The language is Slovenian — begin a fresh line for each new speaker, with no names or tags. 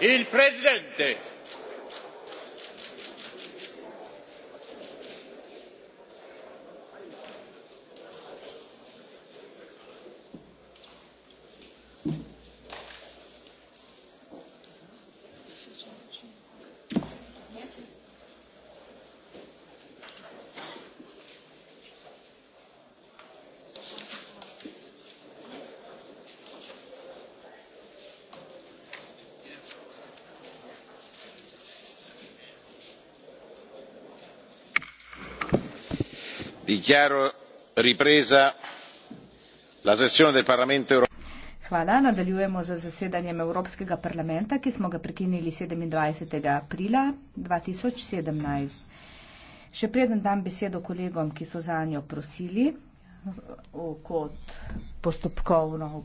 il presidente.
dichiaro ripresa la sessione del parlamento europeo
Hvala, nadaljujemo
z zasedanjem Evropskega parlamenta, ki smo ga prekinili 27. aprila 2017. Še preden dam besedo kolegom, ki so za njo prosili, kot postopkovno.